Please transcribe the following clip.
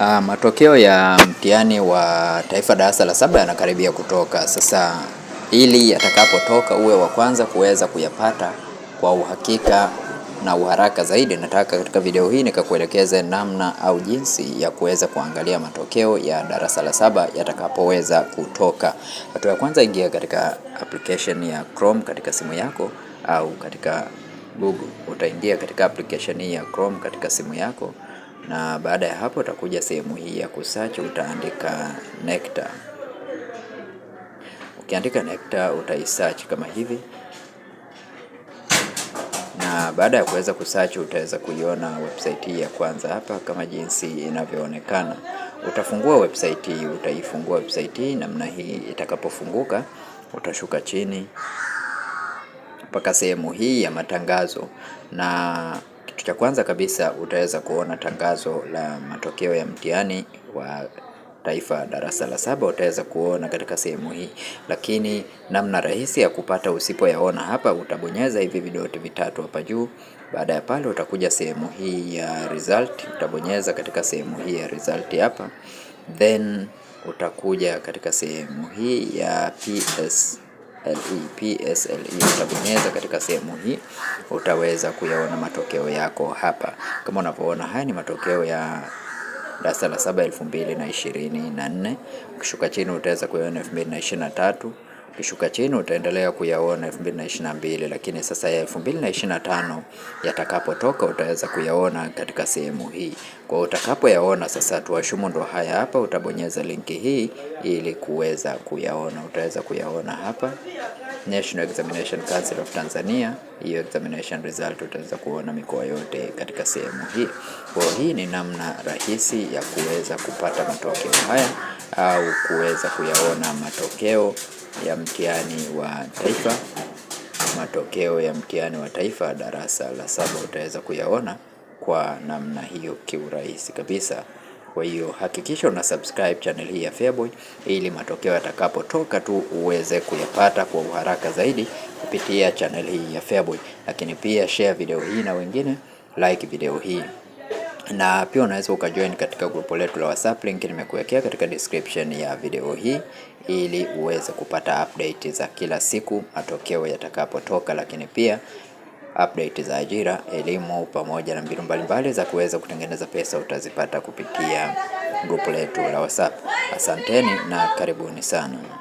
Uh, matokeo ya mtihani wa taifa darasa la saba yanakaribia kutoka sasa, ili yatakapotoka uwe wa kwanza kuweza kuyapata kwa uhakika na uharaka zaidi, nataka katika video hii nikakuelekeze namna au jinsi ya kuweza kuangalia matokeo ya darasa la saba yatakapoweza kutoka. Hatua ya kwanza, ingia katika application ya Chrome katika simu yako au katika Google. Utaingia katika application ya Chrome katika simu yako na baada ya hapo utakuja sehemu hii ya kusearch, utaandika nectar. Ukiandika nectar utaisearch kama hivi, na baada ya kuweza kusearch utaweza kuiona website hii ya kwanza hapa kama jinsi inavyoonekana. Utafungua website hii, utaifungua website hii namna hii. Itakapofunguka utashuka chini mpaka sehemu hii ya matangazo na kitu cha kwanza kabisa utaweza kuona tangazo la matokeo ya mtihani wa taifa darasa la saba utaweza kuona katika sehemu hii, lakini namna rahisi ya kupata usipoyaona hapa, utabonyeza hivi vidoti vitatu hapa juu. Baada ya pale, utakuja sehemu hii ya result, utabonyeza katika sehemu hii ya result hapa, then utakuja katika sehemu hii ya PS PSLE, PSLE utabonyeza katika sehemu hii, utaweza kuyaona matokeo yako hapa. Kama unavyoona, haya ni matokeo ya darasa la saba elfu mbili na ishirini na nne. Ukishuka chini utaweza kuyaona elfu mbili na ishirini na tatu Ukishuka chini utaendelea kuyaona 2022, lakini sasa ya 2025 yatakapotoka utaweza kuyaona katika sehemu hii. Kwa utakapoyaona sasa, tuwashumu ndo haya hapa, utabonyeza linki hii ili kuweza kuyaona. Utaweza kuyaona hapa National Examination Council of Tanzania, hiyo examination result utaweza kuona mikoa yote katika sehemu hii. Kwa hii ni namna rahisi ya kuweza kupata matokeo haya au kuweza kuyaona matokeo ya mtihani wa taifa. Matokeo ya mtihani wa taifa darasa la saba utaweza kuyaona kwa namna hiyo kiurahisi kabisa. Kwa hiyo hakikisha una subscribe channel hii ya FEABOY ili matokeo yatakapotoka tu uweze kuyapata kwa uharaka zaidi kupitia channel hii ya FEABOY, lakini pia share video hii na wengine, like video hii na pia unaweza ukajoin katika grupu letu la WhatsApp, link nimekuwekea katika description ya video hii, ili uweze kupata update za kila siku, matokeo yatakapotoka, lakini pia update za ajira, elimu, pamoja na mbinu mbalimbali za kuweza kutengeneza pesa utazipata kupitia grupu letu la WhatsApp. Asanteni na karibuni sana.